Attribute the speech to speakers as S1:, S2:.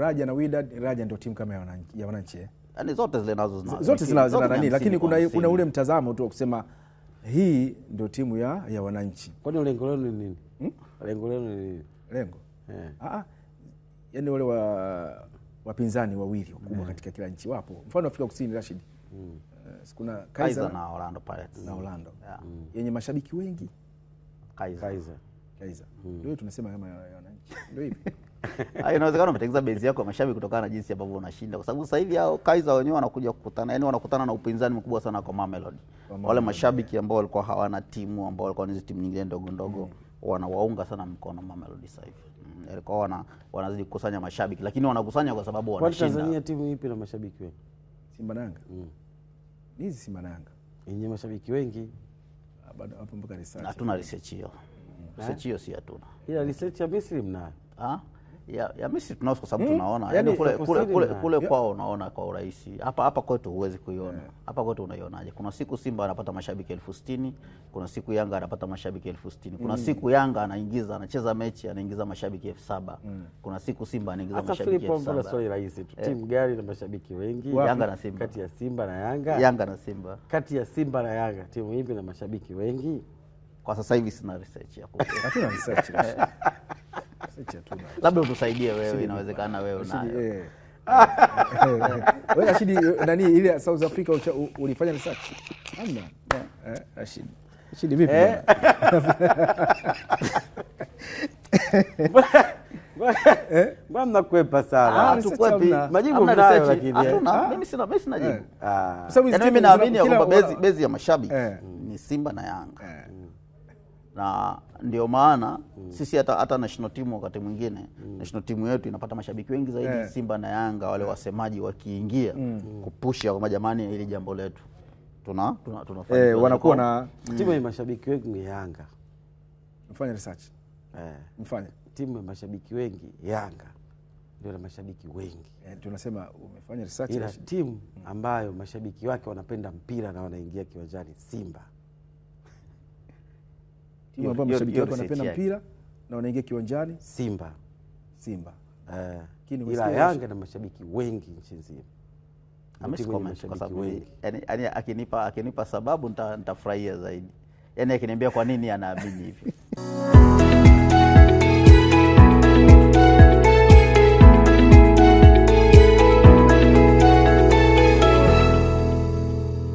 S1: Raja na Wydad. Raja ndio timu kama ya wananchi
S2: yani eh? zote zile nazo zina
S1: zote zina zina nani, lakini kuna, kuna ule mtazamo tu wa kusema hii ndio timu ya, ya wananchi.
S2: Kwani lengo lenu ni nini? Hmm? Lengo lenu ni nini?
S1: Lengo yeah. Ah, ah. yani wale wa wapinzani wawili wakubwa yeah. Hmm. katika kila nchi wapo, mfano Afrika Kusini Rashid mm. Uh, kuna Kaiza
S2: na Orlando Pirates na Orlando yeah. Hmm.
S1: yenye mashabiki wengi
S2: kaiser
S1: kaiser hmm. ndio mm. tunasema kama ya wananchi ndio hivi
S2: Ah, inawezekana umetengeneza base yako ya mashabiki kutokana na jinsi ambavyo unashinda, kwa sababu sasa hivi hao Kaizer wenyewe wanakuja kukutana, yani wanakutana na upinzani mkubwa sana kwa Mamelodi, wale mashabiki ambao walikuwa hawana timu, ambao walikuwa ni timu nyingine ndogo ndogo mm. wanawaunga sana mkono Mamelodi sasa hivi mm. walikuwa wana, wanazidi kukusanya mashabiki, lakini wanakusanya kwa sababu wanashinda.
S1: Kwa Tanzania timu ipi na mashabiki wengi? Simba Yanga mm. hizi Simba Yanga
S2: yenye mashabiki wengi
S1: ah, bado hapo, mpaka research
S2: hatuna, research hiyo, eh? research hiyo si hatuna,
S1: ila research ya Misri mnayo
S2: ah ya, ya Misri tunao kwa sababu hmm? tunaona hmm. yani yaani kule, kule, kule, kule kwao unaona kwa urahisi. Hapa hapa kwetu huwezi kuiona yeah. Hapa kwetu unaionaje? Kuna siku Simba anapata mashabiki elfu sitini kuna siku Yanga anapata mashabiki elfu sitini kuna mm. siku Yanga anaingiza anacheza mechi anaingiza mashabiki elfu saba mm. kuna siku Simba anaingiza mashabiki elfu
S1: saba Swali rahisi tu, eh. timu gani na mashabiki wengi?
S2: Yanga na Simba.
S1: Kati ya Simba na Yanga?
S2: Yanga na Simba.
S1: Kati ya Simba na Yanga, timu ipi na mashabiki wengi?
S2: Kwa sasa hivi sina research ya
S1: research
S2: labda utusaidie wewe, inawezekana wewe
S1: na eh. wewe Rashidi, nani ile South Africa ulifanya research? Hamna. Eh, Rashidi. Rashidi vipi eh.
S2: bwana? Eh? Mbona mnakwepa sana?
S1: Ah, Tukwepi.
S2: Majibu mnayo lakini. Hatuna. Ah, mimi sina mimi sina jibu. Ah. Sasa yaani mimi naamini kwamba bezi bezi ya mashabiki ni Simba na Yanga na ndio maana mm. sisi hata, hata national team wakati mwingine mm. national team yetu inapata mashabiki wengi zaidi yeah. Simba na Yanga wale yeah. wasemaji wakiingia mm. kupusha kwamba jamani, ili jambo letu tuna,
S1: tuna, tunafanya eh, wanakuwa na
S2: mm. timu ya mashabiki wengi ni Yanga. Mfanye research eh, mfanye timu ya mashabiki wengi Yanga ndio na mashabiki wengi
S1: eh, tunasema umefanya research,
S2: ila timu mm. ambayo mashabiki wake wanapenda mpira na wanaingia kiwanjani Simba
S1: yule ambaye mashabiki wake wanapenda mpira na wanaingia kiwanjani Simba Simba eh, ila Yanga na mashabiki wengi nchi nzima
S2: yani, akinipa akinipa sababu nitafurahia zaidi, yani akiniambia kwa nini anaamini hivi